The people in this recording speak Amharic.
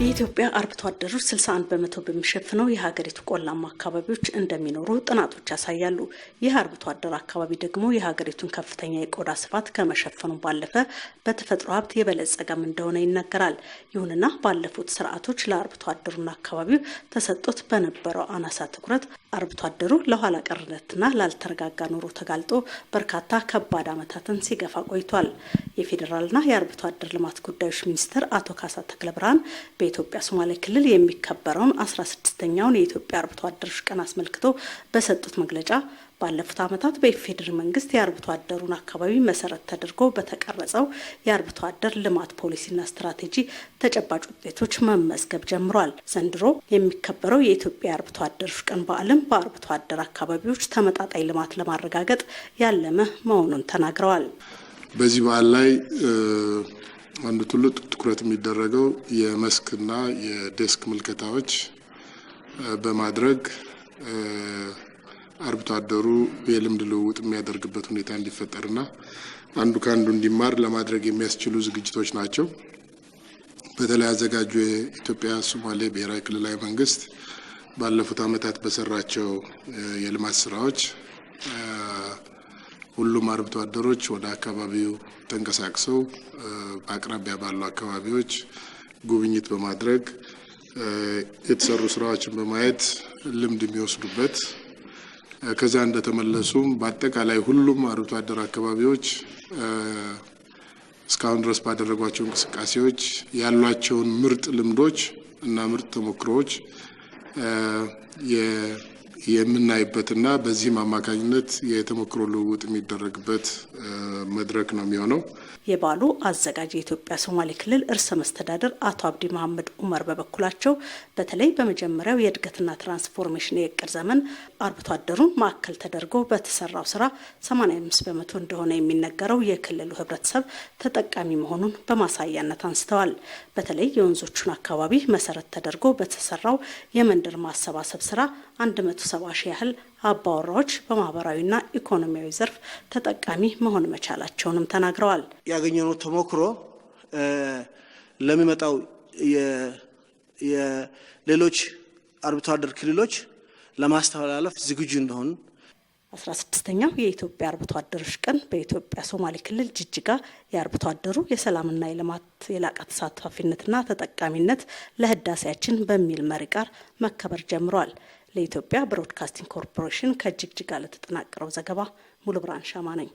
የኢትዮጵያ አርብቶ አደሮች 61 በመቶ በሚሸፍነው የሀገሪቱ ቆላማ አካባቢዎች እንደሚኖሩ ጥናቶች ያሳያሉ። ይህ አርብቶ አደር አካባቢ ደግሞ የሀገሪቱን ከፍተኛ የቆዳ ስፋት ከመሸፈኑ ባለፈ በተፈጥሮ ሀብት የበለጸገም እንደሆነ ይነገራል። ይሁንና ባለፉት ስርዓቶች ለአርብቶ አደሩና አካባቢው ተሰጥቶት በነበረው አናሳ ትኩረት አርብቶ አደሩ ለኋላ ቀርነትና ላልተረጋጋ ኑሮ ተጋልጦ በርካታ ከባድ ዓመታትን ሲገፋ ቆይቷል። የፌዴራልና የአርብቶ አደር ልማት ጉዳዮች ሚኒስትር አቶ ካሳ ተክለ ብርሃን በኢትዮጵያ ሶማሌ ክልል የሚከበረውን አስራ ስድስተኛውን የኢትዮጵያ አርብቶ አደሮች ቀን አስመልክቶ በሰጡት መግለጫ ባለፉት ዓመታት በኢፌዴሪ መንግስት የአርብቶ አደሩን አካባቢ መሰረት ተደርጎ በተቀረጸው የአርብቶ አደር ልማት ፖሊሲና ስትራቴጂ ተጨባጭ ውጤቶች መመዝገብ ጀምሯል። ዘንድሮ የሚከበረው የኢትዮጵያ የአርብቶ አደሮች ቀን በዓልም በአርብቶ አደር አካባቢዎች ተመጣጣኝ ልማት ለማረጋገጥ ያለመ መሆኑን ተናግረዋል። በዚህ በዓል ላይ አንዱ ትልቅ ትኩረት የሚደረገው የመስክና የዴስክ ምልከታዎች በማድረግ አርብቶ አደሩ የልምድ ልውውጥ የሚያደርግበት ሁኔታ እንዲፈጠርና አንዱ ከአንዱ እንዲማር ለማድረግ የሚያስችሉ ዝግጅቶች ናቸው። በተለይ አዘጋጁ የኢትዮጵያ ሶማሌ ብሔራዊ ክልላዊ መንግስት ባለፉት ዓመታት በሰራቸው የልማት ስራዎች ሁሉም አርብቶ አደሮች ወደ አካባቢው ተንቀሳቅሰው በአቅራቢያ ባሉ አካባቢዎች ጉብኝት በማድረግ የተሰሩ ስራዎችን በማየት ልምድ የሚወስዱበት ከዛ እንደተመለሱም በአጠቃላይ ሁሉም አርብቶ አደር አካባቢዎች እስካሁን ድረስ ባደረጓቸው እንቅስቃሴዎች ያሏቸውን ምርጥ ልምዶች እና ምርጥ ተሞክሮዎች የምናይበትና በዚህም አማካኝነት የተሞክሮ ልውውጥ የሚደረግበት መድረክ ነው የሚሆነው። የበዓሉ አዘጋጅ የኢትዮጵያ ሶማሌ ክልል እርሰ መስተዳደር አቶ አብዲ መሐመድ ኡመር በበኩላቸው በተለይ በመጀመሪያው የእድገትና ትራንስፎርሜሽን የእቅድ ዘመን አርብቶ አደሩን ማዕከል ተደርጎ በተሰራው ስራ 85 በመቶ እንደሆነ የሚነገረው የክልሉ ህብረተሰብ ተጠቃሚ መሆኑን በማሳያነት አንስተዋል። በተለይ የወንዞቹን አካባቢ መሰረት ተደርጎ በተሰራው የመንደር ማሰባሰብ ስራ 170 ሺህ ያህል አባወራዎች በማህበራዊና ኢኮኖሚያዊ ዘርፍ ተጠቃሚ መሆን መቻላቸውንም ተናግረዋል። ያገኘነው ተሞክሮ ለሚመጣው የሌሎች አርብቶ አደር ክልሎች ለማስተላለፍ ዝግጁ እንደሆን አስራ ስድስተኛው የኢትዮጵያ አርብቶ አደሮች ቀን በኢትዮጵያ ሶማሌ ክልል ጅጅጋ የአርብቶ አደሩ የሰላምና የልማት የላቀ ተሳታፊነትና ተጠቃሚነት ለህዳሴያችን በሚል መሪ ቃል መከበር ጀምሯል። ለኢትዮጵያ ብሮድካስቲንግ ኮርፖሬሽን ከጅግጅጋ ለተጠናቀረው ዘገባ ሙሉ ብርሃን ሻማ ነኝ።